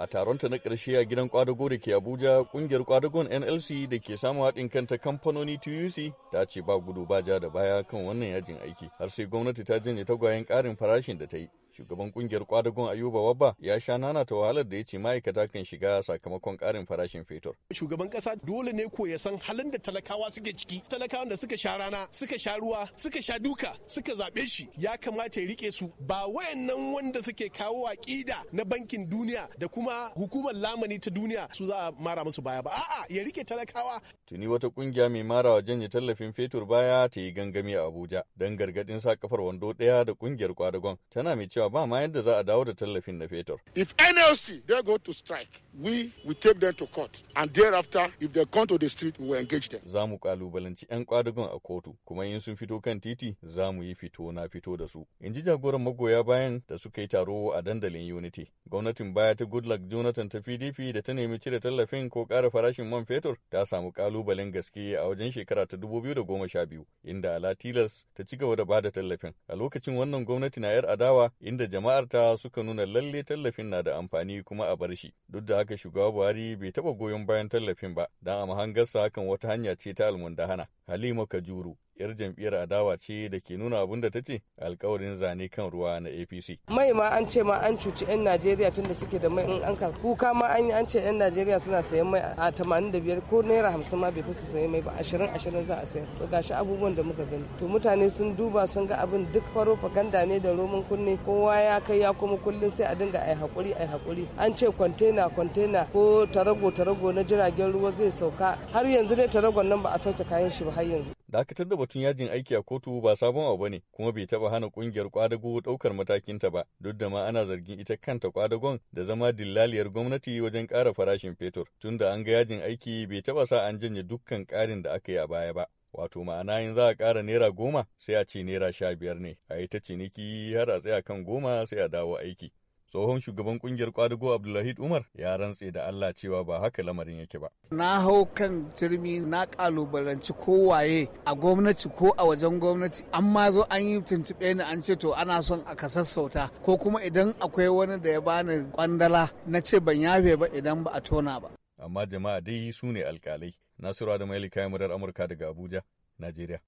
a taronta na ƙarshe a gidan kwadago da ke abuja ƙungiyar kwadagon nlc da ke samun haɗin kanta kamfanoni tuc ta ce ba gudu ba ja da baya kan wannan yajin aiki har sai gwamnati ta janye tagwayen ƙarin farashin da ta yi Shugaban kungiyar kwadagon Ayuba Wabba ya sha nana ta wahalar da ya ce ma'aikata kan shiga sakamakon karin farashin fetur. Shugaban kasa dole ne ko ya san halin da talakawa suke ciki. Talakawan da suka sha rana, suka sha ruwa, suka sha duka, suka zaɓe shi ya kamata ya rike su ba wayannan wanda suke kawo aƙida na bankin duniya da kuma hukumar lamani ta duniya su za a mara musu baya ba. A'a ya rike talakawa. Tuni wata kungiya mai mara wa janye tallafin fetur baya ta yi gangami a Abuja don gargadin sa kafar wando ɗaya da kungiyar kwadagon. Tana mai cewa cewa ba ma yadda za a dawo da tallafin na fetur. If NLC they go to strike, we we take them to court and thereafter if they come to the street we will engage them. Za mu kalubalanci 'yan kwadugun a kotu kuma in sun fito kan titi za mu yi fito na fito da su. In ji jagoran magoya bayan da suka yi taro a dandalin Unity. Gwamnatin baya ta Goodluck Jonathan ta PDP da ta nemi cire tallafin ko ƙara farashin man fetur ta samu kalubalen gaske a wajen shekara ta biyu da goma sha biyu inda Ala Tilas ta ci gaba da bada tallafin. A lokacin wannan gwamnati na 'yar adawa inda jama'ar ta suka nuna lalle tallafin na da amfani kuma a bar shi duk da haka shugaba buhari bai taɓa goyon bayan tallafin ba dan a mahangarsa hakan wata hanya ce ta almundahana halima kajuru yar jam'iyyar adawa ce da ke nuna abun da ta ce alkawarin zane kan ruwa na apc mai ma an ce ma an cuci 'yan najeriya tun da suke da mai in an kuka ma an yi an ce 'yan najeriya suna sayan mai a biyar ko naira 50 ma bai fasa sayan mai ba 20-20 za a sayar to gashi abubuwan da muka gani to mutane sun duba sun ga abin duk faro faganda ne da roman kunne kowa ya kai ya kuma kullum sai a dinga ai hakuri ai hakuri an ce kwantena kwantena ko tarago tarago na jiragen ruwa zai sauka har yanzu dai taragon nan ba a sauke kayan shi ba har yanzu Dakatar da batun yajin aiki a kotu ba sabon abu ne kuma bai taba hana kungiyar kwadago daukar matakinta ba duk da ma ana zargin ita kanta kwadagon da zama dillaliyar gwamnati wajen ƙara farashin fetur tunda an ga yajin aiki bai taba sa an janye dukkan ƙarin da aka yi a baya ba. Wato ma'ana in za a ƙara naira goma sai a ce naira sha biyar ne, a yi ta ciniki har a tsaya kan goma sai a dawo aiki. tsohon shugaban kungiyar kwadugo abdullahi umar ya rantse da allah cewa ba haka lamarin yake ba na hau kan jirmi na kalubalanci kowaye a gwamnati ko a wajen gwamnati amma zo an yi tuntuɓe ni an ce to ana son a sassauta ko kuma idan akwai wani da ya bani kwandala na ce ban yafe ba idan ba a tona ba amma jama'a dai su ne alkalai nasiru da mailika murar amurka daga abuja najeriya